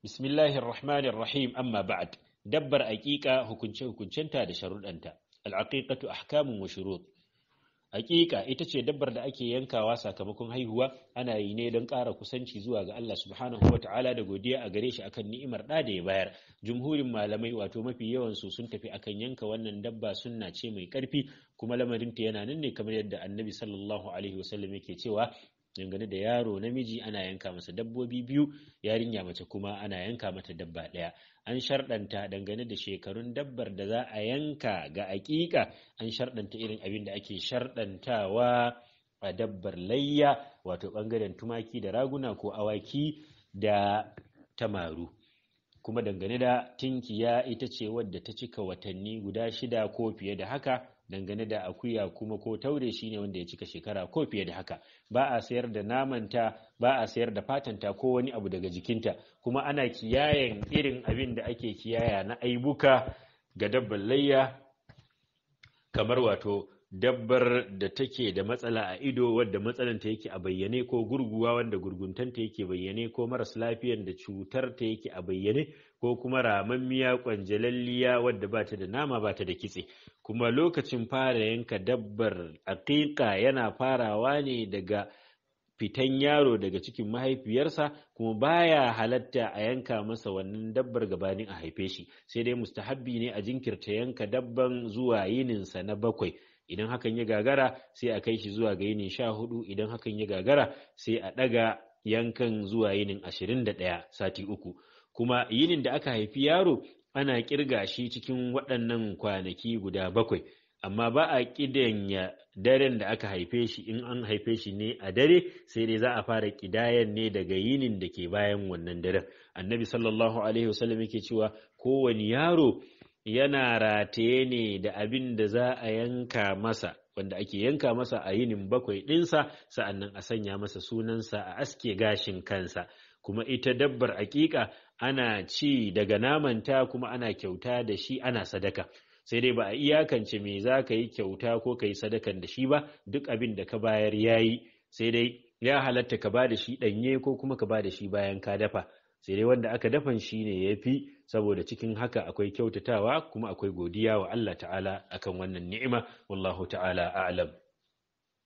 bismillahir rahmanir rahim amma ba'd dabbar aqiqa hukunce hukuncenta da sharuɗanta al-aqiqatu ahkamun wa shurut aqiqa ita ce dabbar da ake yankawa sakamakon haihuwa ana yi ne don ƙara kusanci zuwa ga Allah subhanahu ta'ala da godiya a gare shi akan ni'imar da da ya bayar jumhurin malamai wato mafi yawan su sun tafi akan yanka wannan dabba sunna ce mai ƙarfi kuma lamarin ta yana nan ne kamar yadda annabi sallallahu alaihi wasallam yake cewa dangane da yaro namiji ana yanka masa dabbobi biyu yarinya mace kuma ana yanka mata dabba ɗaya an sharɗanta dangane da shekarun dabbar da za a yanka ga aƙiƙa an sharɗanta irin abin da ake sharɗantawa a dabbar layya wato ɓangaren tumaki da raguna ko awaki da tamaru kuma dangane da tinkiya ita ce wadda ta cika watanni guda shida ko fiye da haka dangane da akuya kuma ko taure shine wanda ya cika shekara ko fiye da haka ba a sayar da namanta ba a sayar da fatanta ko wani abu daga jikinta kuma ana kiyayen irin abin da ake kiyaya na aibuka ga dabban layya kamar wato dabbar da take da matsala a ido wadda matsalan ta yake a bayyane ko gurguwa wanda gurguntanta yake bayyane ko maras lafiyan da cutar ta yake a bayyane ko kuma ramammiya kwanjalalliya wadda ba ta da nama ba ta da kitse kuma lokacin fara yanka dabbar aqiqa yana farawa ne daga fitan yaro daga cikin mahaifiyarsa kuma baya halatta a yanka masa wannan dabbar gabanin a haife shi sai dai mustahabbi ne a jinkirta yanka dabban zuwa yininsa na bakwai idan hakan ya gagara sai a kai shi zuwa ga yinin sha hudu idan hakan ya gagara sai a ɗaga yankan zuwa yinin ashirin da ɗaya sati uku kuma yinin da aka haifi yaro ana kirga shi cikin waɗannan kwanaki guda bakwai amma ba a ƙidanya daren da aka haife shi in an haife shi ne a dare sai dai za a fara ƙidayan ne daga yinin da ke bayan wannan daren annabi sallallahu alaihi wasallam yake cewa kowane yaro yana rataye ne da abin da za a yanka masa wanda ake yanka masa a yinin bakwai ɗinsa sa'annan a sanya masa sunansa a aske gashin kansa kuma ita dabbar aƙiƙa ana ci daga namanta kuma ana kyauta da shi ana sadaka sai dai ba a iyakance me za ka yi kyauta ko ka yi sadakan da shi ba duk abin da ka bayar ya yi sai dai ya halatta ka ba da shi ɗanye ko kuma ka ba da shi bayan ka dafa sai dai wanda aka dafan shi ne ya fi saboda cikin haka akwai kyautatawa kuma akwai godiya wa Allah ta'ala akan wannan ni'ima wallahu ta'ala a'lam